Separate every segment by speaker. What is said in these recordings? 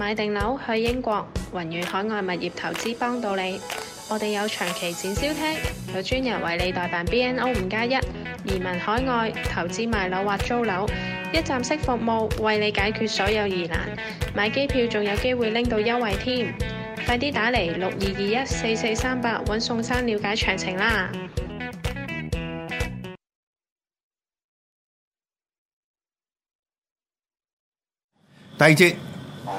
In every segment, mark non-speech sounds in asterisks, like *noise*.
Speaker 1: 買定樓去英國，宏遠海外物業投資幫到你。我哋有長期展銷廳，有專人為你代辦 BNO 五加一移民海外投資買樓或租樓，一站式服務為你解決所有疑難。買機票仲有機會拎到優惠添，快啲打嚟六二二一四四三八搵宋生
Speaker 2: 了解詳情啦。第二節。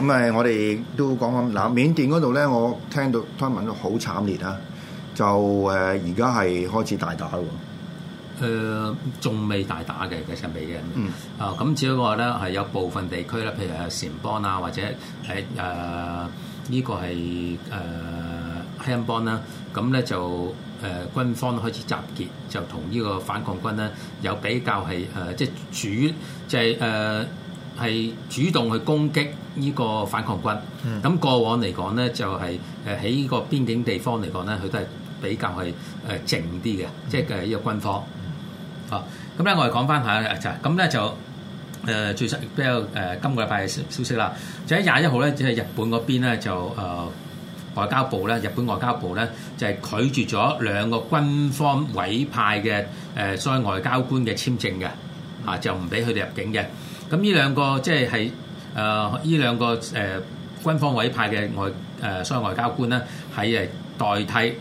Speaker 2: 咁誒，那我哋都講緊嗱，緬甸嗰度咧，我聽到聽聞都好慘烈啊！就誒，而家係開始大打喎、
Speaker 1: 呃。仲未大打嘅，其實未嘅。嗯、呃。啊，咁只不過咧係有部分地區咧，譬如誒撣邦啊，或者喺誒呢個係誒克恩邦啦。咁咧就誒軍方開始集結，就同呢個反抗軍咧有比較係誒，即、呃、係、就是、主即係誒。就是呃係主動去攻擊呢個反抗軍。咁過往嚟講咧，就係誒喺呢個邊境地方嚟講咧，佢都係比較係誒靜啲嘅，即係誒呢個軍方。好，咁咧我哋講翻下就咁咧就誒最新比較誒、呃、今個禮拜嘅消息啦。就喺廿一號咧，即係日本嗰邊咧就誒、呃、外交部咧，日本外交部咧就係、是、拒絕咗兩個軍方委派嘅誒、呃、所謂外交官嘅簽證嘅，啊就唔俾佢哋入境嘅。咁呢兩個即係係誒呢兩個誒、呃、軍方委派嘅外誒所謂、呃、外交官咧，係誒代替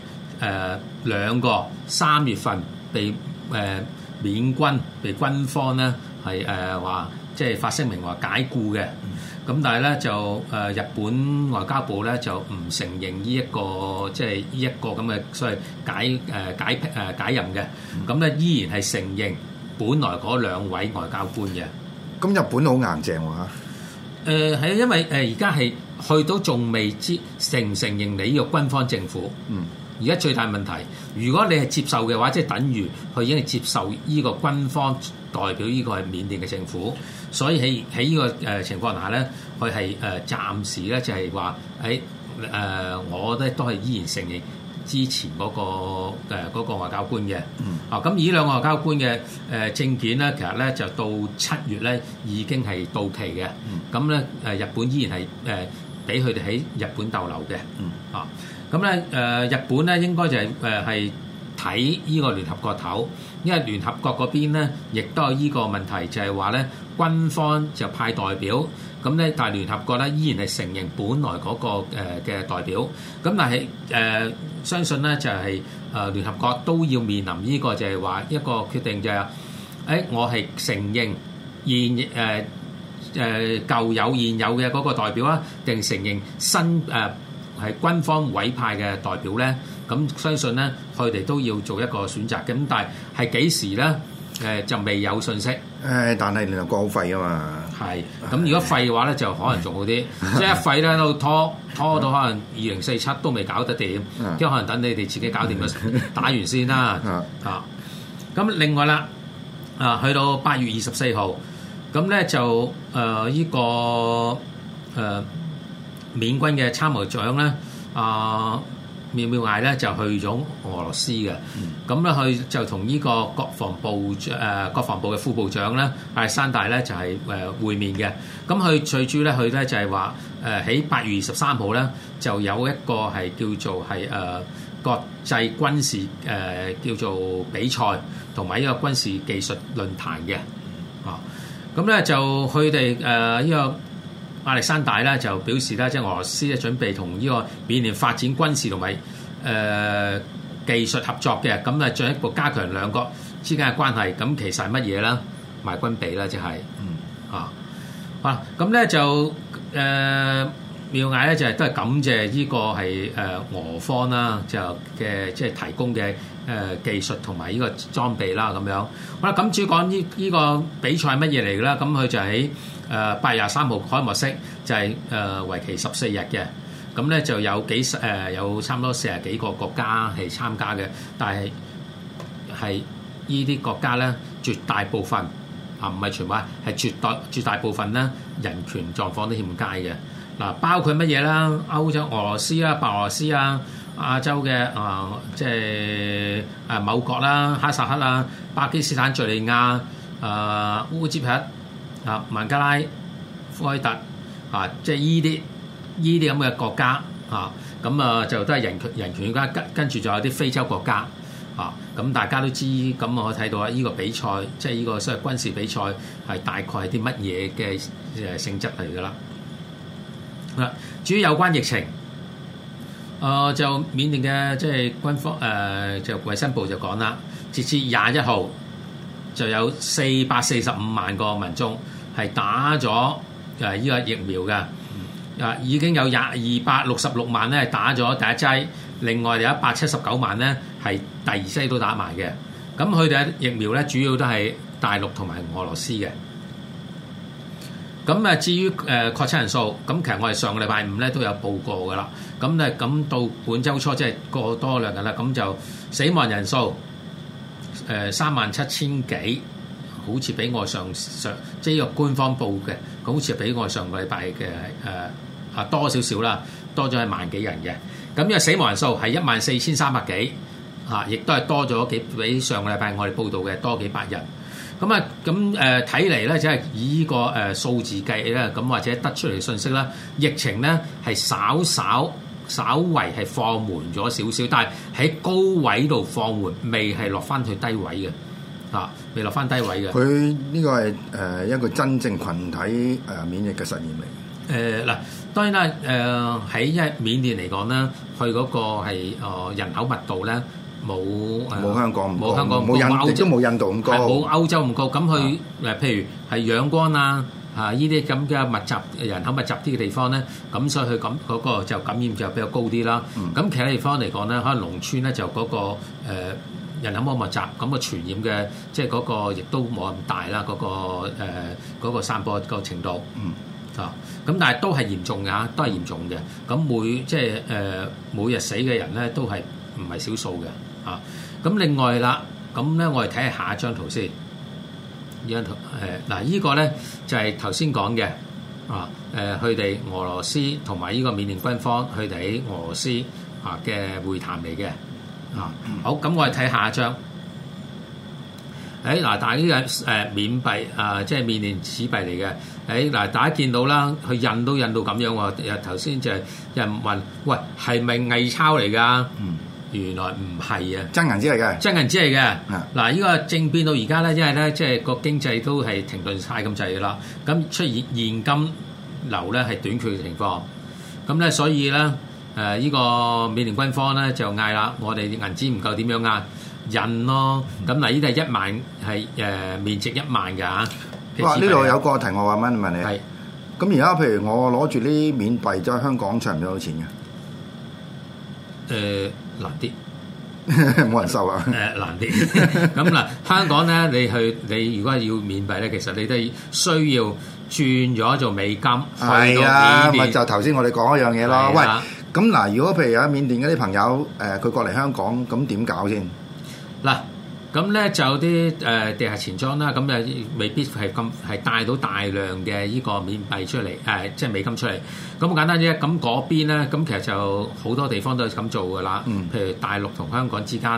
Speaker 1: 誒兩、呃、個三月份被誒緬、呃、軍，軍被軍方咧係誒話即係發聲明話解僱嘅。咁、嗯、但係咧就誒、呃、日本外交部咧就唔承認呢一個即係呢一個咁嘅所謂解誒、呃、解誒、呃、解任嘅。咁咧、嗯、依然係承認本來嗰兩位外交官嘅。
Speaker 2: 咁日本好硬正喎、
Speaker 1: 啊、嚇，誒係、呃、因為誒而家係去到仲未知承唔承認你呢個軍方政府，嗯，而家最大問題，如果你係接受嘅話，即、就、係、是、等於佢已經係接受呢個軍方代表呢個係緬甸嘅政府，所以喺喺呢個誒情況下咧，佢係誒暫時咧就係話喺誒，我覺得都係依然承認。之前嗰、嗰個誒、嗰個、外交官嘅，嗯、啊咁依兩個外交官嘅誒證件咧，其實咧就到七月咧已經係到期嘅，咁咧誒日本依然係誒俾佢哋喺日本逗留嘅，嗯、啊咁咧誒日本咧應該就係誒係睇呢個聯合國頭，因為聯合國嗰邊咧亦都有依個問題，就係話咧軍方就派代表。咁咧，但係聯合國咧依然係承認本來嗰個誒嘅代表。咁但係誒，相信咧就係誒聯合國都要面臨呢個就係話一個決定，就係誒我係承認現誒誒舊有現有嘅嗰個代表啊，定承認新誒係軍方委派嘅代表咧？咁相信咧佢哋都要做一個選擇嘅。咁但係係幾時咧？誒就未有信息，
Speaker 2: 誒、哎、但係你外過好廢啊嘛，
Speaker 1: 係咁如果廢嘅話咧就可能仲好啲，即係一廢咧喺度拖拖到可能二零四七都未搞得掂，即係的可能等你哋自己搞掂咗的打完先啦的的、啊，啊咁另外啦啊去到八月二十四號，咁咧就誒依、呃呢個誒、呃、緬軍嘅參謀長咧啊。妙妙艾咧就去咗俄羅斯嘅，咁咧佢就同呢個國防部誒國防部嘅副部長咧艾山大咧就係誒會面嘅，咁佢最初咧佢咧就係話誒喺八月二十三號咧就有一個係叫做係誒國際軍事誒叫做比賽同埋一個軍事技術論壇嘅，啊，咁咧就佢哋誒呢個。亞歷山大咧就表示咧，即係俄羅斯咧準備同呢個緬甸發展軍事同埋誒技術合作嘅，咁啊進一步加強兩國之間嘅關係。咁其實係乜嘢咧？賣軍備啦，即係嗯啊好啦。咁咧就誒妙雅咧就係都係感謝呢個係誒俄方啦，就嘅即係提供嘅誒技術同埋呢個裝備啦咁樣。好啦，咁主要講呢依個比賽乜嘢嚟嘅啦？咁佢就喺誒八廿三號開幕式就係誒為期十四日嘅，咁咧就有幾十誒有差唔多四十幾個國家係參加嘅，但係係呢啲國家咧絕大部分啊唔係全話係絕大絕大部分啦，人權狀況都欠佳嘅。嗱，包括乜嘢啦？歐洲、俄羅斯啦、白俄羅斯啦、亞洲嘅啊，即係誒某國啦、哈薩克啦、巴基斯坦、敍利亞、誒、呃、烏茲匹克。啊，孟加拉、科威特啊，即係呢啲依啲咁嘅國家啊，咁啊就都係人權人權國家，啊啊、就人人權跟跟住仲有啲非洲國家啊，咁、啊、大家都知道，咁我睇到啊依、呢個比賽，即係呢個所謂軍事比賽，係大概係啲乜嘢嘅誒性質嚟噶啦。好、啊、啦，至於有關疫情，誒、啊、就緬甸嘅即係軍方誒、啊、就衞生部就講啦，截至廿一號就有四百四十五萬個民眾。係打咗誒呢個疫苗嘅。啊已經有廿二百六十六萬咧，係打咗第一劑，另外有一百七十九萬咧係第二劑都打埋嘅。咁佢哋嘅疫苗咧主要都係大陸同埋俄羅斯嘅。咁啊至於誒確診人數，咁其實我哋上個禮拜五咧都有報告噶啦。咁咧咁到本週初即係過多兩日啦，咁就死亡人數誒三萬七千幾。好似比我上上即係呢個官方報嘅，好似比我上個禮拜嘅誒啊多少少啦，多咗係萬幾人嘅。咁因為死亡人數係一萬四千三百幾，嚇亦都係多咗幾比上個禮拜我哋報道嘅多幾百人。咁啊，咁誒睇嚟咧，就、啊、係以呢、呢個誒、呃、數字計咧，咁、啊、或者得出嚟嘅信息咧，疫情咧係稍稍稍微係放緩咗少少，但係喺高位度放緩，未係落翻去低位嘅，嚇、啊。未落翻低位嘅，佢
Speaker 2: 呢個係誒一個真正群體誒免疫嘅實驗嚟。
Speaker 1: 誒嗱、呃，當然啦，誒喺一緬甸嚟講咧，佢嗰個係人口密度咧
Speaker 2: 冇冇香港冇香港冇印，印度都冇印度咁高，冇
Speaker 1: 歐洲唔高。咁佢誒譬如係仰光啊啊依啲咁嘅密集人口密集啲嘅地方咧，咁所以佢感嗰個就感染就比較高啲啦。咁、嗯、其他地方嚟講咧，可能農村咧就嗰、那個、呃人口冇咁密集，咁個傳染嘅即係嗰個亦都冇咁大啦，嗰、嗰個誒散播個程度，嗯啊，咁但係都係嚴重㗎，都係嚴重嘅。咁每即係誒每日死嘅人咧，都係唔係少數嘅啊。咁另外啦，咁咧我哋睇下下一張圖先。呢張圖誒嗱，呢個咧就係頭先講嘅啊誒，佢哋俄羅斯同埋呢個緬甸軍方，佢哋喺俄羅斯啊嘅會談嚟嘅。啊，嗯、好，咁我哋睇下一張。誒、哎、嗱，但係呢個誒緬幣啊，即係緬元紙幣嚟嘅。誒、哎、嗱，大家見到啦，佢印都印到咁樣喎。頭先就係人問，喂，係咪偽鈔嚟㗎？嗯，原來唔係啊，真銀紙嚟嘅，真銀紙嚟嘅。嗱的，呢個政變到而家咧，因為咧即係個經濟都係停頓晒咁滯啦，咁出現現金流咧係短缺嘅情況，咁咧所以咧。誒依個緬甸軍方咧就嗌啦，我哋銀紙唔夠點樣啊？印咯，咁嗱依啲係一萬係誒面值一萬㗎嚇。
Speaker 2: 哇！呢度有個題外話問你，咁而家譬如我攞住呢緬幣，咁香港存唔到錢嘅？誒
Speaker 1: 難啲，
Speaker 2: 冇人收啊！
Speaker 1: 誒難啲，咁嗱香港咧，你去你如果要緬幣咧，其實你都需要轉咗做美金，係啊，咪就頭
Speaker 2: 先我哋講一樣嘢咯，喂！咁嗱，如果譬如有緬甸嗰啲朋友，誒、呃、佢過嚟香港，咁點搞先？
Speaker 1: 嗱，咁咧就有啲誒、呃、地下錢莊啦，咁就未必係咁係帶到大量嘅依個緬幣出嚟，誒、呃、即係美金出嚟。咁簡單啫，咁嗰邊咧，咁其實就好多地方都係咁做噶啦。嗯，譬如大陸同香港之間，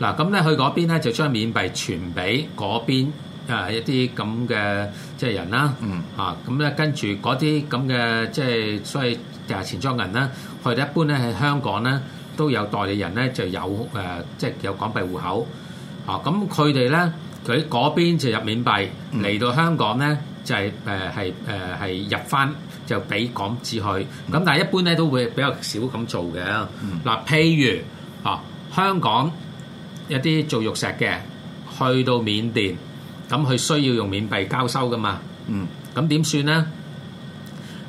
Speaker 1: 嗱咁咧去嗰邊咧就將緬幣傳俾嗰邊。啊！一啲咁嘅即係人啦，嗯啊，咁咧跟住嗰啲咁嘅即係所謂啊，錢莊人啦，佢哋一般咧喺香港咧都有代理人咧就有誒，即係有港幣戶口啊。咁佢哋咧，佢嗰邊就入緬幣嚟到香港咧，就係誒係誒係入翻就俾港紙去。咁但係一般咧都會比較少咁做嘅。嗱，譬如啊，香港一啲做玉石嘅去到緬甸。咁佢需要用緬幣交收㗎嘛？嗯，咁點算咧？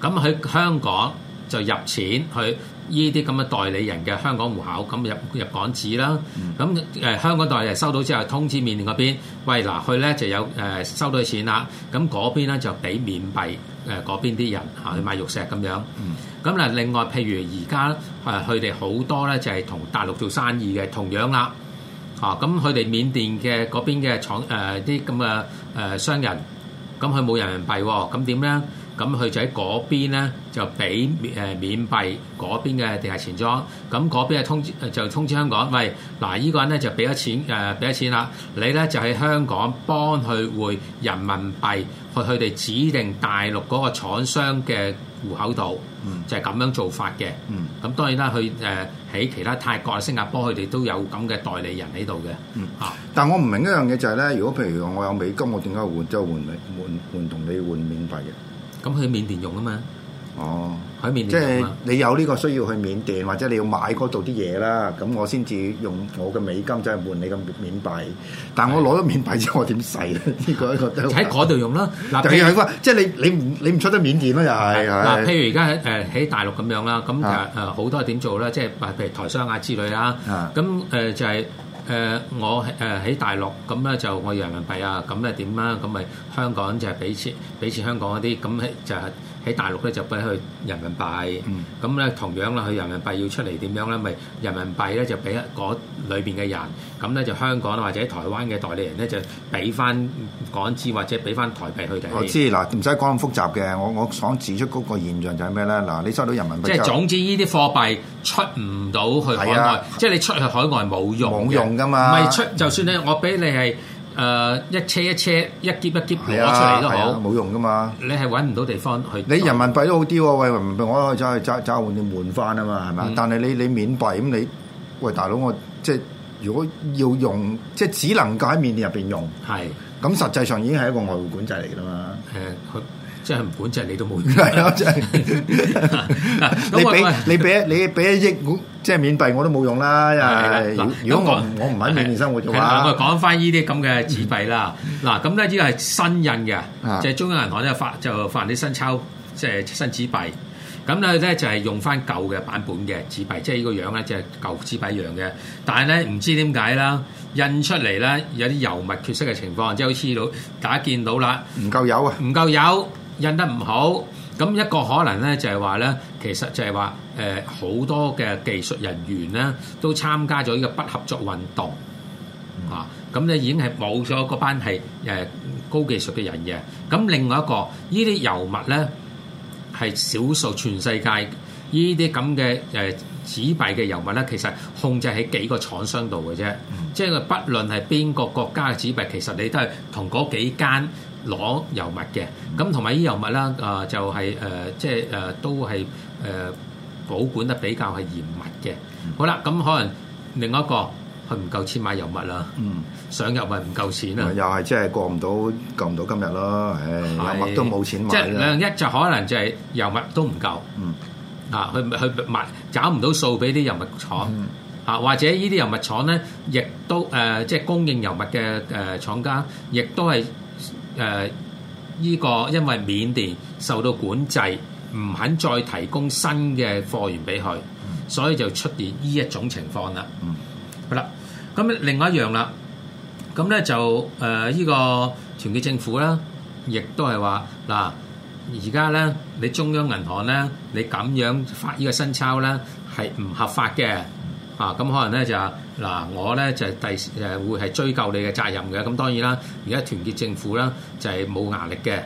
Speaker 1: 咁喺香港就入錢去呢啲咁嘅代理人嘅香港戶口，咁入入港紙啦。咁、嗯、香港代理人收到之後通知緬嗰邊，喂嗱，佢咧就有、呃、收到錢啦。咁嗰邊咧就俾緬幣嗰邊啲人、啊、去買玉石咁樣。咁嗱、嗯，另外譬如而家佢哋好多咧就係同大陸做生意嘅，同樣啦。啊！咁佢哋緬甸嘅嗰邊嘅廠誒啲咁嘅誒商人，咁佢冇人民幣喎，咁點咧？咁佢就喺嗰邊咧，就俾誒緬幣嗰邊嘅地下錢莊，咁嗰邊就通知就通知香港，喂嗱，依個人咧就俾咗錢誒俾咗錢啦，你咧就喺香港幫佢匯人民幣去佢哋指定大陸嗰個廠商嘅。戶口度就係、是、咁樣做法嘅，咁當然啦，佢誒喺其他泰國啊、新加坡，佢哋都有咁嘅代理人喺度嘅，嚇、嗯。
Speaker 2: 啊、但係我唔明一樣嘢就係咧，如果譬如我有美金，我點解換即係換你換換同你換緬幣嘅？
Speaker 1: 咁佢喺緬甸用啊嘛。哦。即
Speaker 2: 係你有呢個需要去緬甸，或者你要買嗰度啲嘢啦，咁我先至用我嘅美金就係換你嘅緬幣。但係我攞咗緬幣之後，我點使咧？呢、呢個喺嗰度用啦。嗱如，譬如話，即係你你唔你唔出得緬甸啦，又係嗱，譬
Speaker 1: 如而家喺誒喺大陸咁樣啦，咁其實好多點做咧？即係譬如台商啊之類啦。咁誒、啊呃、就係、係、誒、呃、我誒喺、呃、大陸咁咧，咁就我洋人民幣啊，咁咧點啦？咁咪香港就係俾錢俾錢香港嗰啲，咁就係。喺大陸咧就俾佢人民幣，咁咧、嗯、同樣啦，佢人民幣要出嚟點樣咧，咪人民幣咧就俾嗰裏邊嘅人，咁咧就香港或者台灣嘅代理人咧就俾翻港資或者俾翻台
Speaker 2: 幣佢哋。我知嗱，唔使講咁複雜嘅，我我想指出嗰個現象就係咩咧？嗱，你收到人民幣、就是。即係總
Speaker 1: 之，呢啲貨幣出唔到去海外，啊、即係你出去海外冇用。冇用㗎嘛！唔係出就算咧，我俾你係。誒、呃、一車一車一劫一劫攞出嚟都好，冇、
Speaker 2: 啊啊、用噶嘛。
Speaker 1: 你係揾唔到地方去。你人民
Speaker 2: 幣都好啲喎，喂，人民幣我可以再再再換啲換翻啊嘛，係咪、嗯、但係你你緬幣咁你，喂大佬，我即係如果要用，即係只能夠喺緬甸入面用。係的，咁實際上已經係一個外匯管制嚟㗎喇嘛。
Speaker 1: 即係唔管，即係你都冇用。 *laughs* 係啊，即係你俾
Speaker 2: 你俾一你俾一億，即係緬幣我都冇用啦。的如果我我唔揾兩年生活做、嗯、啊！我
Speaker 1: 講翻呢啲咁嘅紙幣啦。嗱，咁咧依個係新印嘅，即係、啊、中央銀行咧發就發啲新鈔，即係新紙幣。咁咧咧就係、是、用翻舊嘅版本嘅紙幣，即係呢個樣咧即係舊紙幣一樣嘅。但係咧唔知點解啦，印出嚟咧有啲油墨缺失嘅情況，即係好似到大家見到啦，唔夠油啊，唔夠油。印得唔好，咁一個可能咧就係話咧，其實就係話誒好多嘅技術人員咧都參加咗呢個不合作運動，啊，咁咧已經係冇咗嗰班係誒高技術嘅人嘅。咁另外一個，呢啲油墨咧係少數全世界呢啲咁嘅誒紙幣嘅油墨咧，其實控制喺幾個廠商度嘅啫。即係佢、嗯、不論係邊個國家嘅紙幣，其實你都係同嗰幾間。攞油墨嘅咁，同埋啲油墨啦，啊、呃、就係、是、誒，即係誒，都係誒保管得比較係嚴密嘅。嗯、好啦，咁可能另一個佢唔夠錢買油墨啦，嗯，上油墨唔夠錢啊，
Speaker 2: 又係即係過唔到，過唔到今日咯，誒，是油墨都冇錢買即係兩
Speaker 1: 一就可能就係油墨都唔夠，嗯啊，佢佢買找唔到數俾啲油墨廠、嗯、啊，或者這些呢啲油墨廠咧，亦都誒即係供應油墨嘅誒廠家，亦都係。誒呢個因為緬甸受到管制，唔肯再提供新嘅貨源俾佢，所以就出現呢一種情況啦。嗯。好啦，咁另外一樣啦，咁咧就誒呢個團結政府咧，亦都係話嗱，而家咧你中央銀行咧，你咁樣發呢個新鈔咧係唔合法嘅。啊，咁可能咧就嗱，我咧就係第誒會係追究你嘅責任嘅。咁當然啦，而家團結政府咧，就係冇壓力嘅。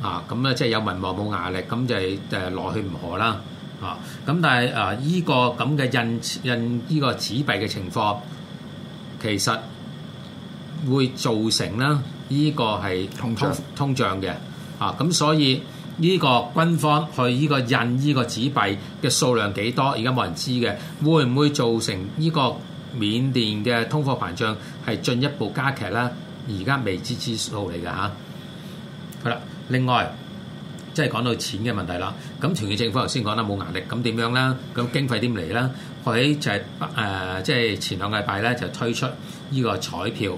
Speaker 1: 啊，咁咧即係有民望冇壓力，咁就係誒來去唔何啦。啊，咁但係誒依個咁嘅印印依個紙幣嘅情況，其實會造成咧依個係通通通脹嘅。啊，咁所以。呢個軍方去呢個印呢個紙幣嘅數量幾多，而家冇人知嘅，會唔會造成呢個緬甸嘅通貨膨脹係進一步加劇啦？而家未知之數嚟㗎吓。好、啊、啦，另外即係講到錢嘅問題啦，咁全縣政府頭先講得冇壓力，咁點樣咧？咁經費點嚟咧？佢就係呃即係前兩個禮拜咧就推出呢個彩票，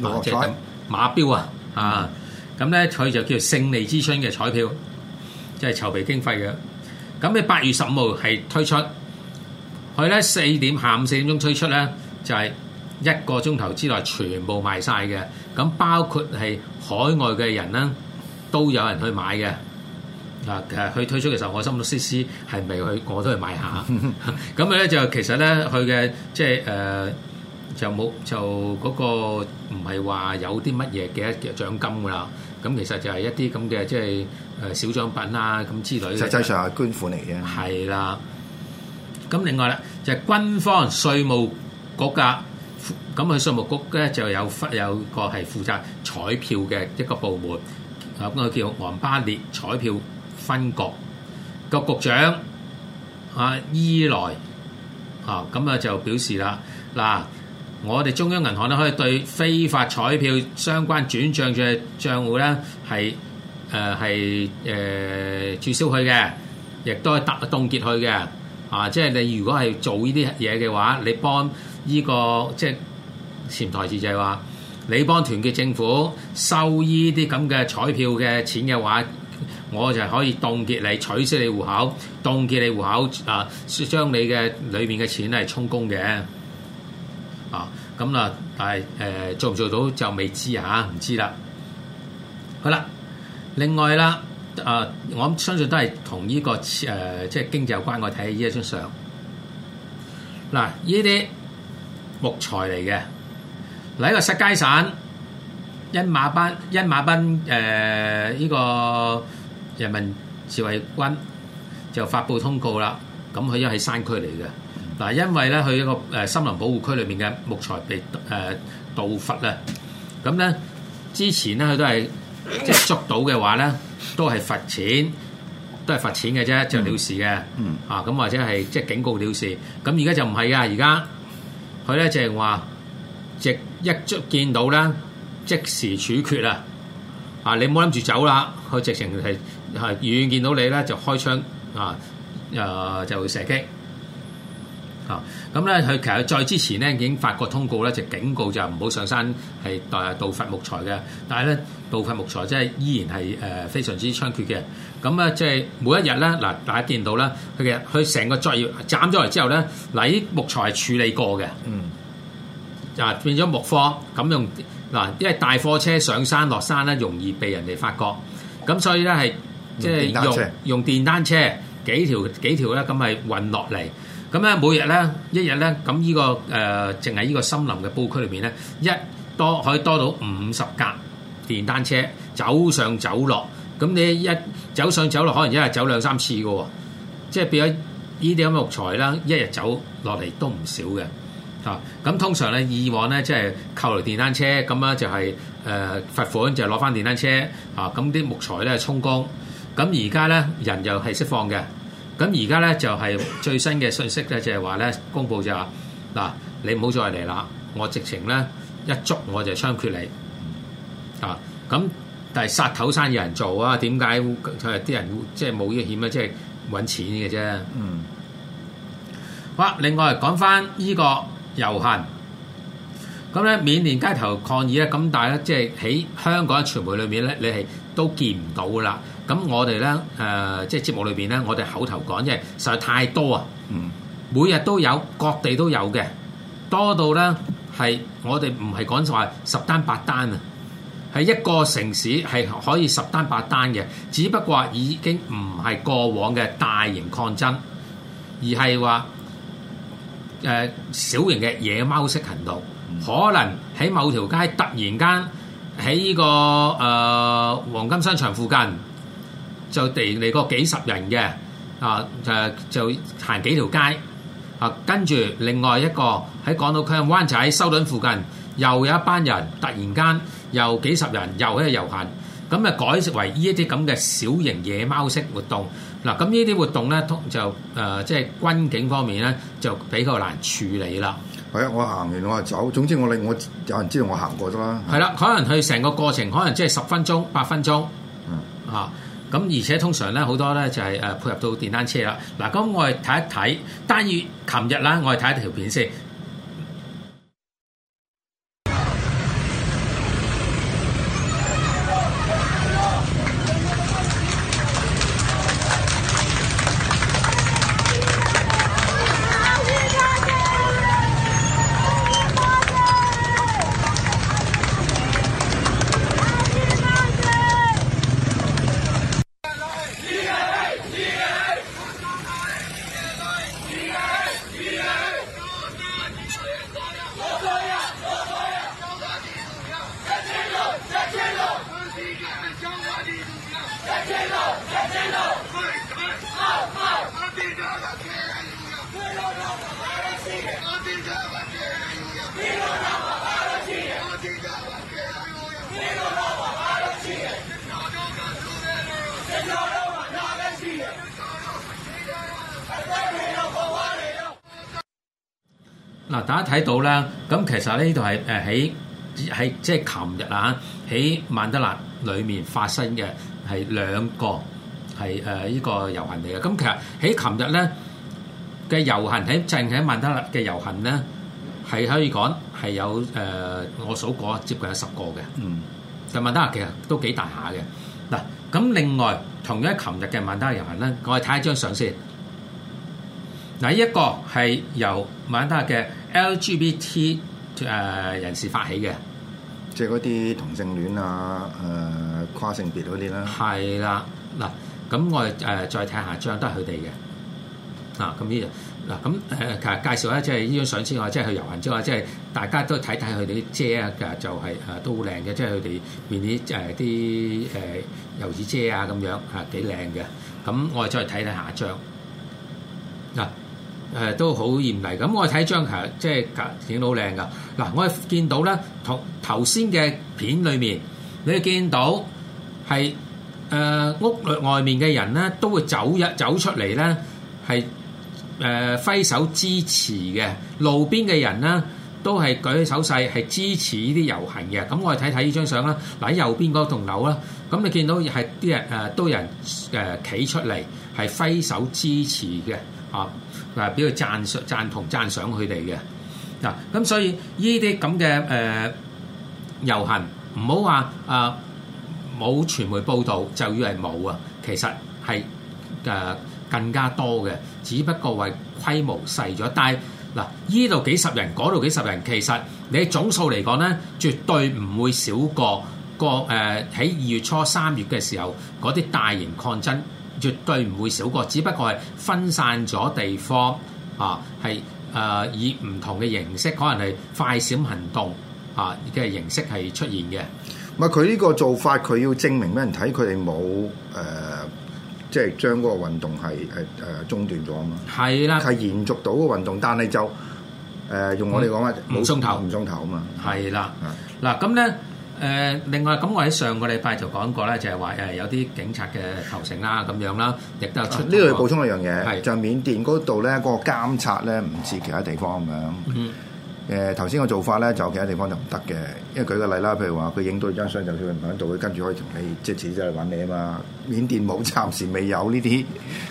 Speaker 1: 馬，即係了馬標啊、就是、了啊！啊。咁咧佢就叫勝利之春嘅彩票，即係籌備經費嘅。咁你八月十五號係推出，佢咧四點下午四點鐘推出咧，就係一個鐘頭之內全部賣晒嘅。咁包括係海外嘅人啦，都有人去買嘅。啊，其實佢推出嘅時候，我心都思思係咪去，我都去買下。咁 *laughs* 佢咧就其實咧佢嘅即係誒就冇就嗰個唔係話有啲乜嘢嘅獎金㗎啦。咁其實就係一啲咁嘅即係誒小獎品啊，咁之類。實際上
Speaker 2: 係捐款嚟嘅。
Speaker 1: 係啦。咁另外咧，就係軍方稅務局噶，咁佢稅務局咧就有有個係負責彩票嘅一個部門。啊，咁佢叫黃巴列彩票分局個局長啊，伊萊啊，咁啊就表示啦，嗱。我哋中央銀行都可以對非法彩票相關轉賬嘅賬戶咧，係誒係誒註銷佢嘅，亦都係突凍結佢嘅。啊，即係你如果係做呢啲嘢嘅話，你幫呢、呢個即係潛台詞就係、是、話，你幫團結政府收呢啲咁嘅彩票嘅錢嘅話，我就係可以凍結你取消你戶口，凍結你戶口啊，將你嘅裏面嘅錢係充公嘅。咁啦，但係誒做唔做到就未知嚇，唔知啦。好啦，另外啦，啊，我相信都係同呢個誒、呃、即係經濟有關。我睇下呢一張相，嗱，呢啲木材嚟嘅，嚟一個實皆省，一馬班一馬班呢呢個人民自衛軍就發布通告啦。咁佢一係山區嚟嘅。嗱，因為咧，佢一個誒森林保護區裏面嘅木材被誒盜伐啊，咁咧之前咧佢都係即捉到嘅話咧，都係罰錢，都係罰錢嘅啫，就係、了事嘅、嗯。嗯，啊咁或者係即警告了事，咁而家就唔係噶，而家佢咧就係話，即一捉見到咧，即時處決啦！啊，你唔好諗住走啦，佢直情係係遠遠見到你咧就開槍啊，誒、呃、就會射擊。啊，咁咧佢其實再之前咧已經發過通告，咧，就警告就唔好上山係誒盜伐木材嘅。但係咧盜伐木材即係依然係誒、呃、非常之猖獗嘅。咁、嗯、啊即係每一日咧嗱大家見到咧，佢其實佢成個作業斬咗嚟之後咧，嗱啲木材係處理過嘅，嗯，就變咗木方咁用嗱，因為大貨車上山落山咧容易被人哋發覺，咁所以咧係即係用用電單車,電單車幾條幾條咧咁係運落嚟。咁咧每日咧一日咧咁呢個誒淨係呢個森林嘅佈區裏邊咧一多可以多到五十架電單車走上走落，咁你一走上走落，可能一日走兩三次嘅喎，即係變咗呢啲咁嘅木材啦，一日走落嚟都唔少嘅嚇。咁、啊、通常咧以往咧即係扣留電單車咁啊，就係誒罰款就攞翻電單車嚇，咁、啊、啲木材咧充公。咁而家咧人又係釋放嘅。咁而家咧就係最新嘅信息咧，就係話咧公佈就話嗱，你唔好再嚟啦！我直情咧一捉我就槍決你啊！咁但係殺頭生意人做啊？點解佢哋啲人即係冇呢個險咧？即係揾錢嘅啫。嗯。好啦，另外講翻呢個遊行，咁咧緬甸街頭抗議咧咁大咧，即係喺香港嘅傳媒裏面咧，你係都見唔到噶啦。咁我哋咧、呃，即係節目裏面咧，我哋口頭講，即係實在太多啊！嗯，每日都有，各地都有嘅，多到咧係我哋唔係講話十單八單啊，喺一個城市係可以十單八單嘅，只不過已經唔係過往嘅大型抗爭，而係話、呃、小型嘅野貓式行動，嗯、可能喺某條街突然間喺呢個誒、呃、黃金商場附近。就地嚟個幾十人嘅啊，就就行幾條街啊，跟住另外一個喺港島區灣仔、修頓附近，又有一班人突然間又幾十人又喺度遊行，咁啊改成為呢一啲咁嘅小型野貓式活動。嗱，咁呢啲活動咧，通就誒即係軍警方面咧，就比較難處理啦。
Speaker 2: 係啊，我行完我就走，總之我令我，我有人知道我行過啫啦。係
Speaker 1: 啦，可能佢成個過程可能即係十分鐘、八分鐘，嗯啊。咁而且通常呢，好多呢就係誒配合到電單車啦。嗱，咁我哋睇一睇，但於琴日啦，我哋睇一條片先。睇到啦，咁其實呢度係誒喺喺即係琴日啊，喺、就是、曼德勒裡面發生嘅係兩個係誒呢個遊行嚟嘅。咁其實喺琴日咧嘅遊行喺淨係喺曼德勒嘅遊行咧，係可以講係有誒我數過接近有十個嘅。嗯，就曼德勒其實都幾大下嘅嗱。咁另外同樣喺琴日嘅曼德勒遊行咧，我哋睇一張相先。嗱，一個係由萬德嘅 LGBT 誒人士發起嘅，
Speaker 2: 即係嗰啲同性戀啊、誒、呃、跨
Speaker 1: 性別嗰啲啦。係啦，嗱咁我哋誒再睇下張都係佢哋嘅，嗱咁呢？嗱咁誒介紹咧，即係呢張相之外，即係去遊行之外，即係大家都睇睇佢哋啲遮啊，其實就係、是、誒、啊、都好靚嘅，即係佢哋面啲誒啲誒油紙遮啊咁樣嚇幾靚嘅，咁、啊、我哋再睇睇下一張嗱。啊誒、呃、都好嚴厲咁，我睇張係即係景都好靚噶。嗱，我見到咧頭頭先嘅片裏面，你見到係誒、呃、屋外面嘅人咧，都會走走出嚟咧，係誒、呃、揮手支持嘅。路邊嘅人咧都係舉起手勢係支持呢啲遊行嘅。咁我睇睇呢張相啦，喺、呃、右邊嗰棟樓啦，咁你見到係啲人誒都有人誒企出嚟係揮手支持嘅啊！話表示讚賞、贊同、讚賞佢哋嘅嗱，咁所以呢啲咁嘅誒遊行，唔好話啊冇傳媒報導就以為冇啊，其實係誒更加多嘅，只不過係規模細咗。但係嗱，呢度幾十人，嗰度幾十人，其實你總數嚟講咧，絕對唔會少過個誒喺二月初三月嘅時候嗰啲大型抗爭。絕對唔會少過，只不過係分散咗地方啊，係誒、啊、以唔同嘅形式，可能係快閃行動啊，嘅形式係出現嘅。
Speaker 2: 唔係佢呢個做法，佢要證明畀人睇？佢哋冇誒，即、呃、係、就是、將嗰個運動係誒、呃、中斷咗啊嘛。係啦的，係延續到個運動，但係就誒、呃、用我哋講話冇，鬆、嗯、頭，唔鬆頭啊嘛。係啦的，
Speaker 1: 嗱咁咧。啊誒另外咁，我喺上個禮拜就講過咧，就係話誒有啲警察嘅投誠啦，咁樣啦，亦都出呢度要、啊、補
Speaker 2: 充一樣嘢，係就是緬甸嗰度咧，個監察咧唔似其他地方咁樣。誒頭先嘅做法咧，就有其他地方就唔得嘅，因為舉個例啦，譬如話佢影到你張相，就算佢唔響度，佢跟住可以同你即係自己走去揾你啊嘛。緬甸冇暫時未有呢啲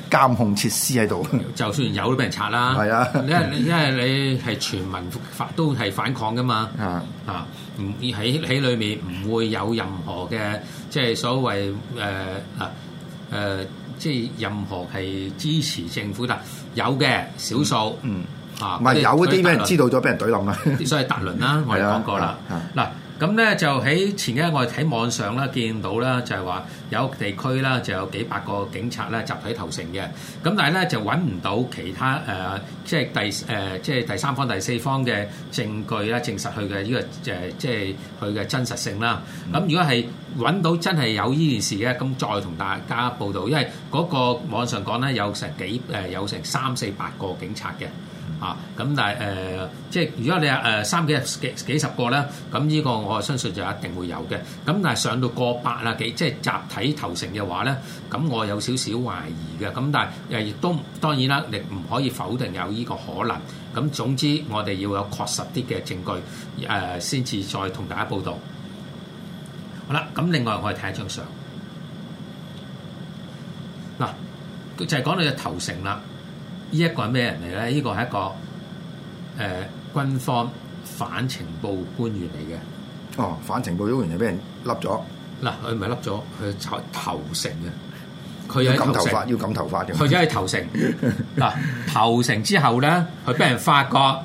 Speaker 2: 監控設施喺度，
Speaker 1: 就算有都俾人拆啦。係啊你，因為因為你係全民都係反抗嘅嘛。啊！啊唔喺喺裏面唔會有任何嘅即係所謂誒啊誒，即係任何係支持政府嘅有嘅少數，嗯嚇。唔係有啲咩人知道
Speaker 2: 咗，俾人懟冧啊！所以達倫
Speaker 1: 啦，我有講過啦，嗱。咁咧就喺前一日，我哋喺網上啦，見到啦，就係話有地區啦，就有幾百個警察咧集體投誠嘅。咁但係咧就揾唔到其他誒、呃，即係第誒、呃，即係第三方、第四方嘅證據啦，證實佢嘅呢個誒，即係佢嘅真實性啦。咁如果係揾到真係有呢件事嘅，咁再同大家報導，因為嗰個網上講咧有成幾誒，有成三四百個警察嘅。咁但係誒、呃，即係如果你誒三幾十幾十個咧，咁呢個，個我相信就一定會有嘅。咁但係上到過百啊幾，即係集體投誠嘅話咧，咁我有少少懷疑嘅。咁但係誒，亦都當然啦，亦唔可以否定有呢個可能。咁總之，我哋要有確實啲嘅證據誒，先、呃、至再同大家報導。好啦，咁另外我哋睇一張相，嗱，就係、是、講到嘅投誠啦。呢一個係咩人嚟咧？呢個係一個誒軍方反情
Speaker 2: 報官員嚟嘅。哦，反情報官員嚟，俾人笠咗。
Speaker 1: 嗱，佢唔係笠咗，佢投投誠嘅。
Speaker 2: 佢要剪頭髮，要剪頭髮嘅。佢只係投誠。
Speaker 1: 嗱、 *laughs* 啊，投誠之後咧，佢俾人發覺佢呢，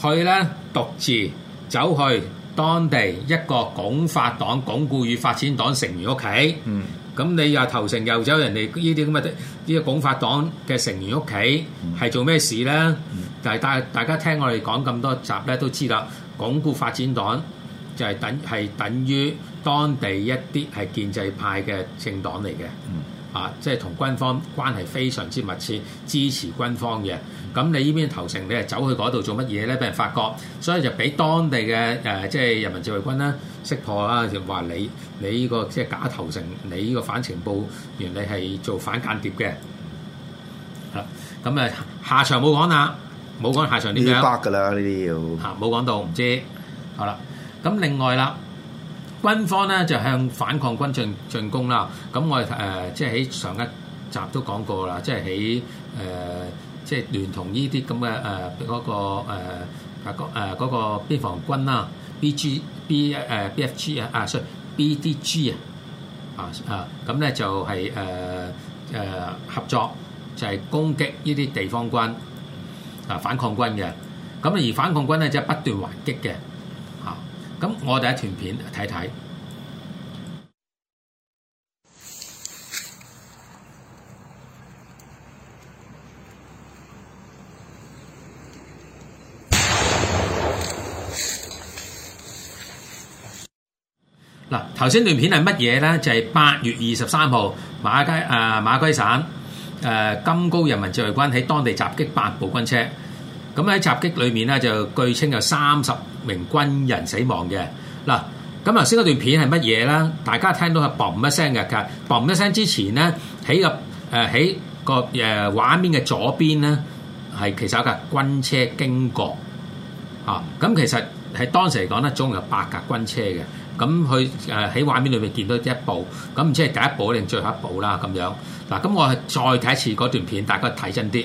Speaker 1: 佢咧獨自走去當地一個鞏發黨、鞏固與發展黨成員屋企。嗯。咁你又投誠又走人哋呢啲咁嘅啲鞏發黨嘅成員屋企係做咩事咧？但係、嗯、大家大家聽我哋講咁多集咧，都知道鞏固發展黨就係等係等於當地一啲係建制派嘅政黨嚟嘅。嗯啊，即係同軍方關係非常之密切，支持軍方嘅。咁你呢邊投誠，你係走去嗰度做乜嘢咧？俾人發覺，所以就俾當地嘅、啊、即係人民自衛軍啦識破啦、啊，就話你你依個即係假投誠，你呢個反情報員，你係做反間諜嘅。係咁啊，啊下場冇講啦，冇講下場呢啲
Speaker 2: 包啦，呢啲要冇講到，唔、啊、知道。
Speaker 1: 好、嗯、啦，咁、啊、另外啦。軍方咧就向反抗軍進進攻啦。咁我哋誒即係喺上一集都講過啦，即係喺誒即係聯同呢啲咁嘅嗰個邊防軍啦，B G B B F G 啊啊，sorry B D G 啊啊，咁咧就係誒誒合作就係、是、攻擊呢啲地方軍啊反抗軍嘅。咁而反抗軍咧就係不斷還擊嘅。咁我哋喺段片睇睇。嗱，頭先段片係乜嘢咧？就係八月二十三號，馬圭啊馬圭省，誒金高人民志願軍喺當地襲擊八部軍車，咁喺襲擊裏面咧就據稱有三十名軍人死亡嘅。嗱，咁頭先嗰段片係乜嘢咧？大家聽到係嘣一聲嘅，嘅嘣一聲之前咧，喺個誒喺個誒畫面嘅左邊咧，係其實有架軍車經過啊。咁其實喺當時嚟講咧，總共有八架軍車嘅。咁佢誒喺畫面裏面見到一部，咁唔知係第一部定最後一部啦。咁樣，嗱，咁我係再睇一次嗰段片，大家睇真啲。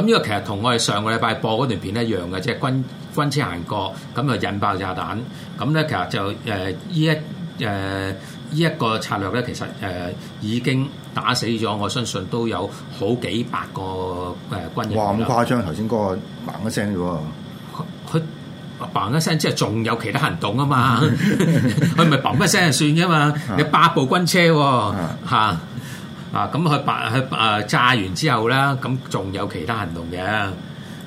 Speaker 1: 咁呢個其實同我哋上個禮拜播嗰段片一樣嘅，即係軍軍車行過，咁就引爆炸彈。咁咧其實就誒依、呃、一誒依一個策略咧，其實誒、呃、已經打死咗。我相信都有好幾百個誒軍人。哇！咁誇
Speaker 2: 張，頭先嗰個嘣一聲啫喎，
Speaker 1: 佢嘣一聲之後仲有其他行動啊嘛，佢唔係嘣一聲就算嘅嘛， *laughs* 你有八部軍車喎、哦 *laughs* 啊！咁佢爆佢啊炸完之後咧，咁仲有其他行動嘅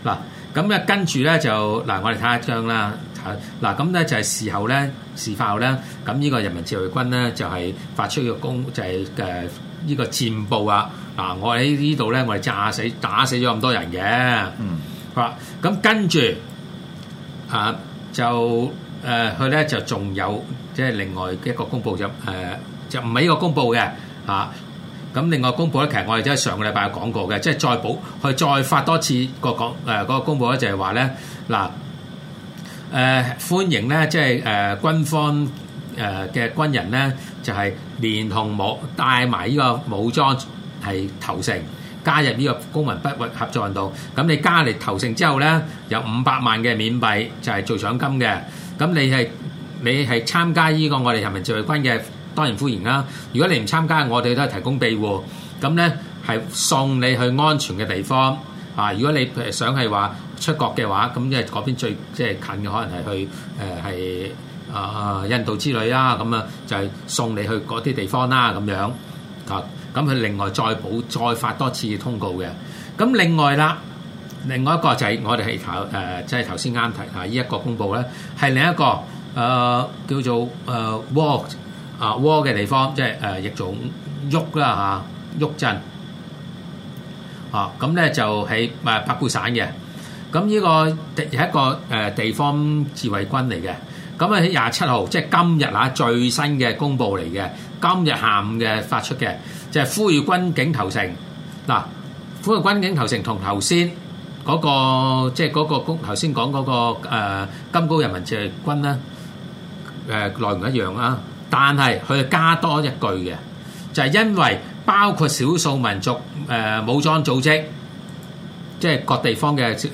Speaker 1: 嗱。咁咧跟住咧就嗱，我哋睇下張啦嚇嗱。咁咧就係事後咧，事發後咧，咁呢個人民自衛軍咧就係發出個公就係誒呢個戰報啊嗱。我喺呢度咧，我哋炸死打死咗咁多人嘅嗯，好啦。咁跟住啊就誒佢咧就仲有即係另外一個公佈咗誒，就唔係呢個公佈嘅嚇。咁另外公佈咧，其實我哋真係上個禮拜有講過嘅，即係再補去再發多次個講誒嗰個公佈咧，就係話咧嗱誒歡迎咧，即係誒軍方誒嘅軍人咧，就係連同武帶埋呢個武裝係投誠加入呢個公民不合作運動。咁你加嚟投誠之後咧，有五百萬嘅緬幣就係做獎金嘅。咁你係你係參加呢個我哋人民自衛軍嘅。當然敷衍啦。如果你唔參加，我哋都係提供庇護。咁咧係送你去安全嘅地方。啊，如果你誒想係話出國嘅話，咁即係嗰邊最即係近嘅，可能係去誒係啊印度之類啦。咁啊就係送你去嗰啲地方啦。咁樣啊，咁佢另外再補再發多次通告嘅。咁另外啦，另外一個就係我哋係頭誒，即係頭先啱提啊呢一個公佈咧，係另一個誒叫做誒 World。啊窩嘅地方，即係誒一種喐啦嚇，喐震啊！咁咧就喺誒白布省嘅。咁呢個係一個誒地方自衛軍嚟嘅。咁啊喺廿七號，即係今日嚇最新嘅公佈嚟嘅，今日下午嘅發出嘅，就係呼籲軍警投誠。嗱，呼籲軍警投誠同頭先嗰個，即係嗰個公頭先講嗰個誒金高人民自衛軍咧，誒內容一樣啊！但係佢加多一句嘅，就係因為包括少數民族誒武裝組織，即係各地方嘅誒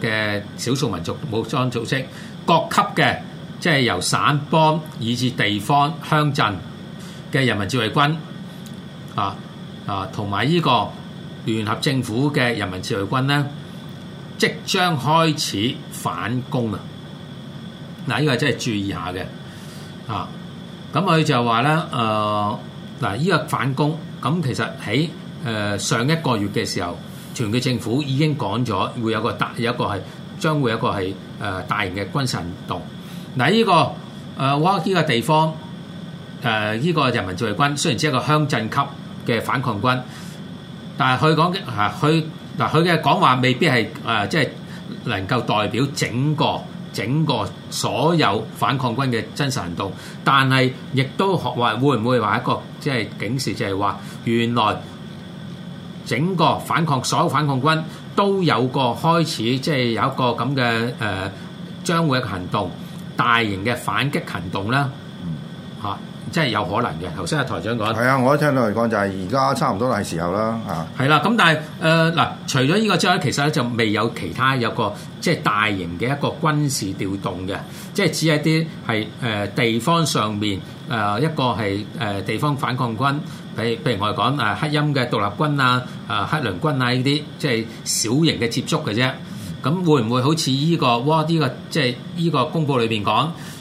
Speaker 1: 嘅少數民族武裝組織，各級嘅即係由省邦以至地方鄉鎮嘅人民自衛軍啊啊，同埋依個聯合政府嘅人民自衛軍咧，即將開始反攻啊！嗱，依個真係注意下嘅啊！咁佢就話呢，呢、呃呢個反攻，咁其實喺、呃、上一個月嘅時候，全國政府已經講咗會有一個有一個將會有一個係、呃、大型嘅軍事行動。嗱、呃、依、呢個誒哇！依、呃呢個地方呢、呃呢個人民自衛軍雖然只係個鄉鎮級嘅反抗軍，但係佢講嘅佢嘅講話未必係即係能夠代表整個。整個所有反抗軍嘅真實行動，但係亦都話會唔會話一個即係警示，就係話原來整個反抗所有反抗軍都有個開始，即係有一個咁嘅誒將會嘅行動，大型嘅反擊行動啦，嚇。即係有可能嘅，頭先阿台長講。
Speaker 2: 係啊，我一聽到嚟講就係而家差唔多係時候啦，嚇、啊。
Speaker 1: 係啦，咁但係誒嗱，除咗呢個之外，其實咧就未有其他有個即係、就是、大型嘅一個軍事調動嘅，即係只係啲係誒地方上面誒、呃、一個係誒、呃、地方反抗軍，比譬如我哋講誒克欽嘅獨立軍啊、誒、呃、克倫軍啊呢啲，即係、就是、小型嘅接觸嘅啫。咁會唔會好似呢、這個？哇！呢、這個即係呢個公佈裏邊講。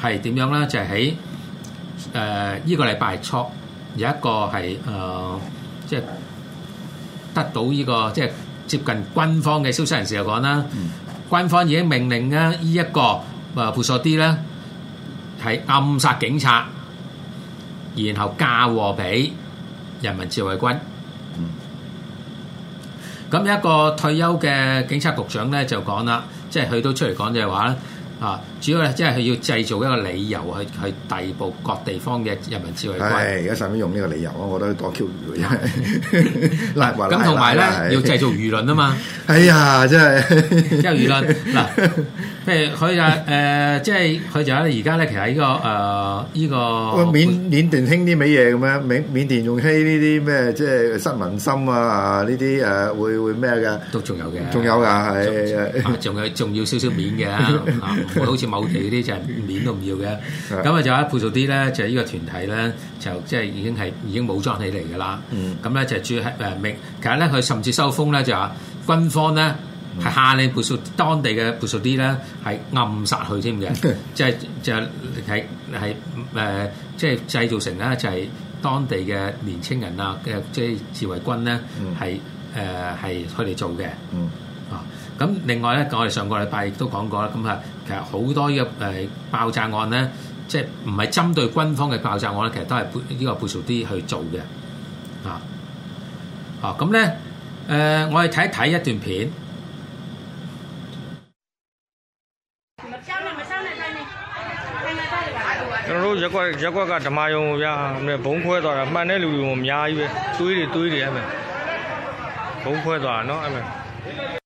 Speaker 1: 係點樣咧？就係喺誒依個禮拜初有一個係誒，即係得到依個即係接近軍方嘅消息人士就講啦，軍方已經命令咧依一個話樸素啲咧，係暗殺警察，然後嫁禍俾人民自衛軍。咁一個退休嘅警察局長咧就講啦，即係去到出嚟講就係話咧啊！主要咧，即係佢要製造一個理由去去逮捕各地方嘅人民自衞軍。係
Speaker 2: 而家使唔用呢個理由啊？我都多 Q 語嘅。咁同埋咧，要製造輿論啊嘛。哎呀，真係即係輿論嗱，
Speaker 1: 譬如佢就誒，即係佢就而家咧，其實依個誒依個。緬
Speaker 2: 緬甸興啲咩嘢咁樣？緬緬甸用欺呢啲咩？即係失民心啊！呢啲誒會會咩嘅？都仲有嘅，仲有㗎係，仲有仲
Speaker 1: 要少少面嘅，唔會好似。某地嗰啲就係面都唔要嘅，咁啊、嗯、就話部署啲咧就係、是、呢個團體咧就即係、就是、已經係已經武裝起嚟嘅啦。咁咧、嗯、就係主要係誒明，其實咧佢甚至收風咧就話軍方咧係、嗯、下令部署當地嘅部署啲咧係暗殺佢添嘅，即係、嗯、就係係係誒即係製造成咧就係當地嘅年輕人啊嘅即係自衛軍咧係誒係佢哋做嘅。嗯。咁另外咧，我哋上個禮拜亦都講過啦。咁啊，其實好多嘅誒爆炸案咧，即係唔係針對軍方嘅爆炸案咧，其實都係依個部署啲去做嘅。啊，哦，咁咧，誒，我哋睇一睇一段片。
Speaker 2: 咁，如
Speaker 1: 果如果佢點解用嘅？唔係補灰袋啊！咩呢？亂用嘢嘅，推嚟推嚟，係咪？補灰袋咯，係咪？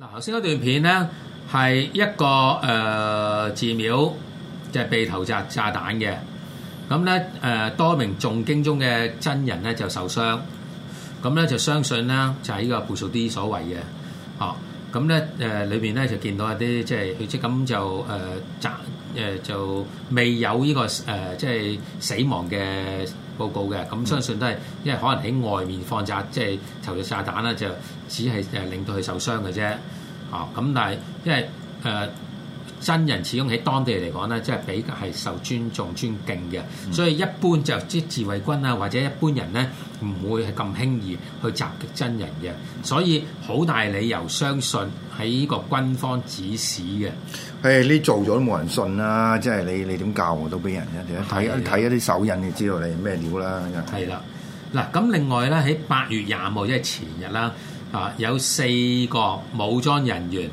Speaker 1: 嗱，頭先嗰段片咧係一個誒、呃、寺廟就係被投擲炸，炸彈嘅，咁咧誒多名眾經中嘅真人咧就受傷，咁咧就相信咧就係、是啊、呢個報道啲所謂嘅，哦、呃，咁咧誒裏邊咧就見到一啲即係血跡，咁就誒炸誒就未有呢、這個誒、呃、即係死亡嘅報告嘅，咁相信都係因為可能喺外面放炸即係投擲炸彈咧，就只係誒令到佢受傷嘅啫。哦，咁但係，因為、呃、真人始終喺當地嚟講咧，即係比較係受尊重尊敬嘅，嗯、所以一般就即自衛軍啊，或者一般人咧，唔會係咁輕易去襲擊真人嘅，所以好大理由相信喺呢個軍方
Speaker 2: 指使嘅。誒，你做咗都冇人信啦，即係你你點教我都俾人的一睇一睇一啲手印，就知道你咩料啦。係啦的，
Speaker 1: 嗱，咁另外咧，喺八月廿五號，即係前日啦。啊！有四個武裝人員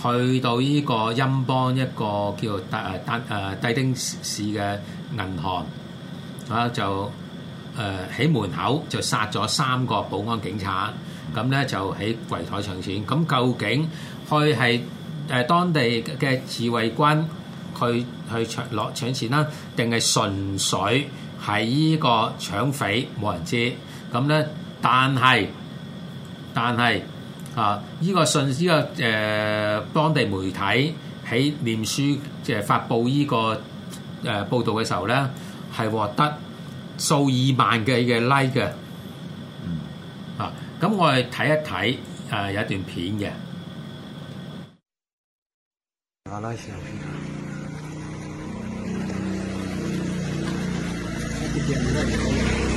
Speaker 1: 去到呢個欽邦一個叫丹誒丹誒蒂丁市嘅銀行，啊就誒喺門口就殺咗三個保安警察，咁咧就喺櫃台搶錢。咁究竟佢係誒當地嘅自衛軍，佢去搶攞搶錢啦，定係純粹係呢個搶匪冇人知？咁咧，但係。但係啊，依、這個信依、這個誒、呃、當地媒體喺臉書即係發布呢、這個誒、呃、報道嘅時候咧，係獲得數以萬計嘅嘅 like 嘅啊！咁我哋睇一睇、呃、有一段片嘅。 *noise*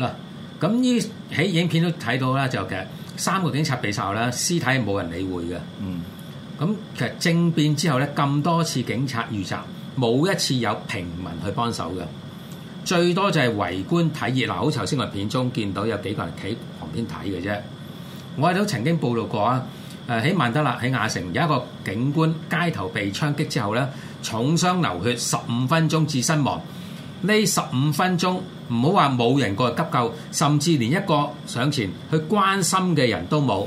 Speaker 1: 嗱，咁呢喺影片都睇到啦，就其實三個警察被殺啦，屍體冇人理會嘅。嗯，咁其實政變之後咧，咁多次警察遇襲，冇一次有平民去幫手嘅，最多就係圍觀睇熱鬧。嗱，好頭先個片中見到有幾個人企旁邊睇嘅啫。我哋都曾經報道過啊，誒喺曼德勒喺亞城有一個警官街頭被槍擊之後咧，重傷流血十五分鐘至身亡。呢十五分鐘唔好話冇人過嚟急救，甚至連一個上前去關心嘅人都冇。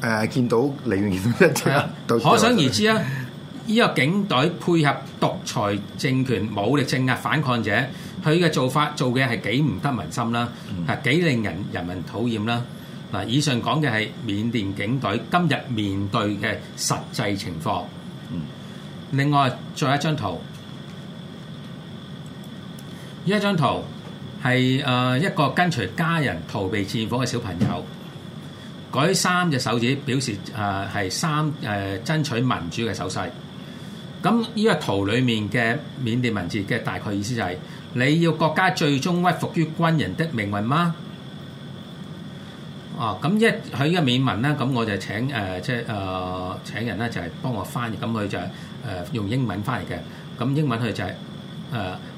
Speaker 2: 誒，見到你，
Speaker 1: 對啊！可想而知啦，呢個警隊配合獨裁政權武力鎮壓反抗者，佢嘅做法做嘅係幾唔得民心啦，係幾令人人民討厭啦。嗱，以上講嘅係緬甸警隊今日面對嘅實際情況。嗯，另外再一張圖。呢一張圖係誒一個跟隨家人逃避戰火嘅小朋友，舉三隻手指表示誒係、呃、三誒、呃、爭取民主嘅手勢。咁呢個圖裏面嘅緬甸文字嘅大概意思就係你要國家最終屈服於軍人的命運嗎？哦、啊，咁一佢呢個緬文咧，咁我就請誒即係誒請人咧就係、是、幫我翻譯，咁佢就誒、是呃、用英文翻嚟嘅，咁英文佢就係、是、誒。呃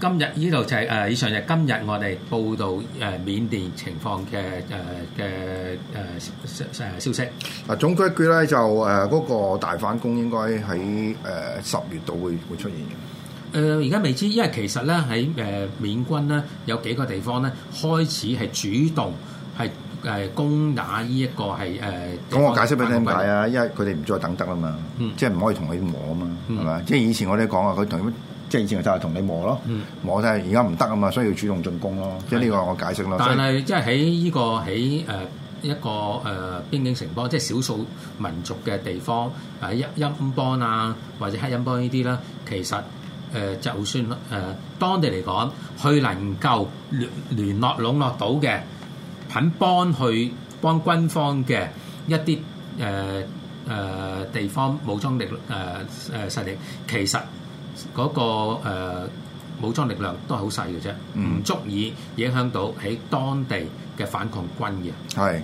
Speaker 1: 今日呢度就係誒，以上就係今日我哋報道誒緬甸情況嘅誒嘅誒
Speaker 2: 誒消息。啊，總結一句咧，就誒嗰、嗰個大反攻應該喺誒、呃、十月度會會出現嘅。誒
Speaker 1: 而家未知，因為其實咧喺誒緬軍咧有幾個地方咧開始係主動係誒攻打呢一個係誒。咁我解釋
Speaker 2: 俾你聽解啊，因為佢哋唔再等得啦嘛，嗯、即係唔可以同佢磨啊嘛，係嘛、嗯？即係以前我哋講話，佢同。之前就係同你磨咯，磨就係而家唔得啊嘛，所以要主動進攻咯，即係呢個我解釋咯。但係
Speaker 1: 即係喺呢個喺誒一個誒、呃呃、邊境城邦，即係少數民族嘅地方，誒陰陰邦啊，音啊或者黑陰邦呢啲啦，其實誒、呃、就算誒、呃、當地嚟講，佢能夠聯聯絡籠絡到嘅，肯幫，幫去幫軍方嘅一啲誒誒地方武裝力誒誒、呃、實力，其實。嗰、那個、呃、武裝力量都係好細嘅啫，唔、嗯、足以影響到喺當地嘅反抗軍嘅。
Speaker 2: 係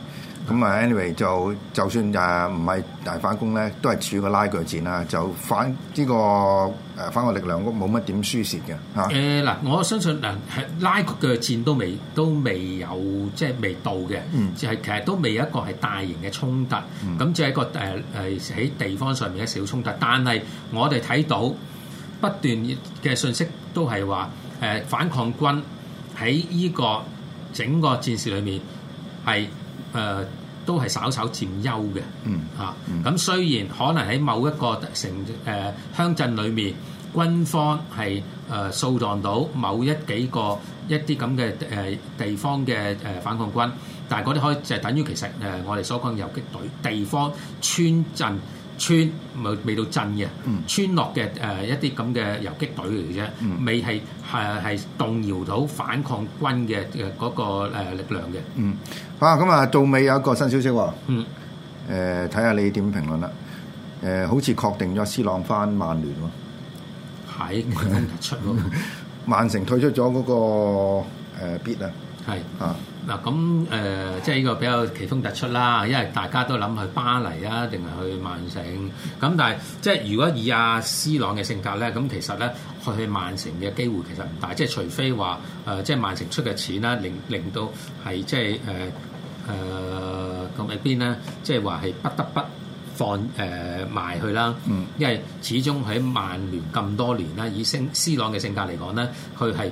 Speaker 2: 咁啊，anyway 就就算誒唔係大反攻咧，都係處個拉鋸戰啦。就反呢、這個誒、啊、反嘅力量，冇冇乜點輸蝕嘅
Speaker 1: 嚇誒嗱。我相信嗱係拉鋸戰都未都未有即係未到嘅，嗯、就係、是、其實都未有一個係大型嘅衝突咁，即係、嗯、一個誒誒喺地方上面嘅小衝突。但係我哋睇到。不斷嘅信息都係話，誒反抗軍喺呢個整個戰事裏面係誒都係稍稍佔優嘅，嚇。咁雖然可能喺某一個城誒鄉鎮裏面，軍方係誒掃蕩到某一幾個一啲咁嘅誒地方嘅誒反抗軍，但係嗰啲可以就係等於其實誒我哋所講嘅游擊隊地方村鎮。村冇未到鎮嘅，村落嘅誒、呃、一啲咁嘅游擊隊嚟啫，嗯、未係誒係動搖到反抗軍嘅誒嗰個力量嘅。
Speaker 2: 嗯，啊，咁啊到尾有一個新消息喎、哦。嗯。睇下、呃、你點評論啦、呃。好似確定咗 C 朗翻曼聯喎、哦。喺今日出 *laughs* 曼城退出咗嗰、嗰個 bid、呃、是啊。啊！
Speaker 1: 嗱咁誒，即係呢個比較奇峰突出啦，因為大家都諗去巴黎啊，定係去曼城。咁但係，即係如果以阿 C 朗嘅性格咧，咁其實咧去曼城嘅機會其實唔大。即係除非話誒，即係曼城出嘅錢啦，令令到係即係誒誒咁喺邊咧？即係話係不得不，放誒、呃、埋去啦，嗯，因為始終喺曼聯咁多年啦，以 C 朗嘅性格嚟講咧，佢係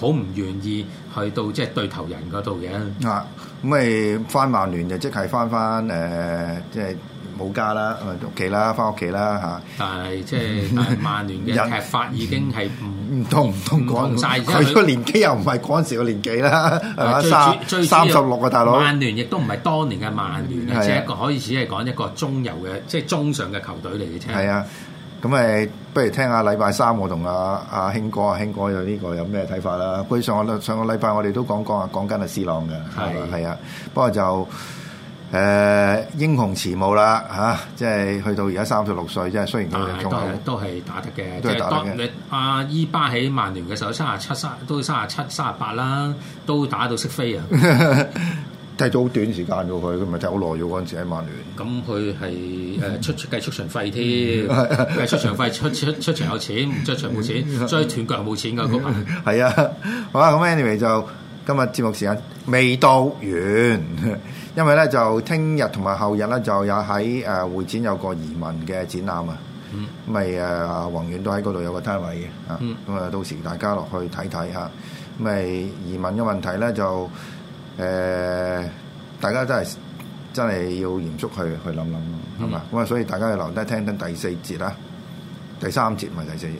Speaker 1: 好唔願意去到即係、就是、對頭人嗰度嘅。啊，咁
Speaker 2: 咪翻曼聯就即係翻翻誒，即係。呃即好家啦，屋企啦，翻屋企啦嚇。但
Speaker 1: 係即係曼聯嘅踢法已經係唔唔同唔同
Speaker 2: 講曬，佢個年紀又唔係嗰陣時嘅年紀啦，最三三十六個、啊、大佬。曼
Speaker 1: 聯亦都唔係當年嘅曼聯、嗯、啊，只係一個可以只係講一個中游嘅即係中上嘅球隊嚟嘅啫。係啊，
Speaker 2: 咁誒，不如聽下禮拜三我同阿阿興哥啊，興哥有呢個有咩睇法啦？上個上個禮拜我哋都講講，講啊，講緊阿斯朗嘅係係啊，不過就。呃、英雄遲暮啦，即係去到而家三十六歲，即係雖然佢仲、啊、都係打得嘅，打得嘅，
Speaker 1: 即係當你阿、啊、伊巴喺曼聯嘅時候，三十七三都三十七三十八啦，都打到識飛啊！即係
Speaker 2: 做好短時間喎佢，佢唔係好耐咗嗰陣時喺曼聯。
Speaker 1: 咁佢係誒出計出場費添， *laughs* 啊、出場費 *laughs* 出出出場有錢，唔出場冇錢， *laughs* 所以斷腳冇錢噶嗰排。
Speaker 2: 係、那個、 *laughs* 啊，好啦、啊，咁 anyway 就今日節目時間未到完。因為咧就聽日同埋後日咧就有喺誒會展有個移民嘅展覽啊，咁咪誒宏遠都喺嗰度有個攤位嘅，咁啊、嗯、到時大家落去睇睇吓，咁咪移民嘅問題咧就誒大家真係真係要嚴肅去去諗諗，係嘛、嗯，咁啊所以大家要留低聽聽第四節啦，第三節唔係第四節。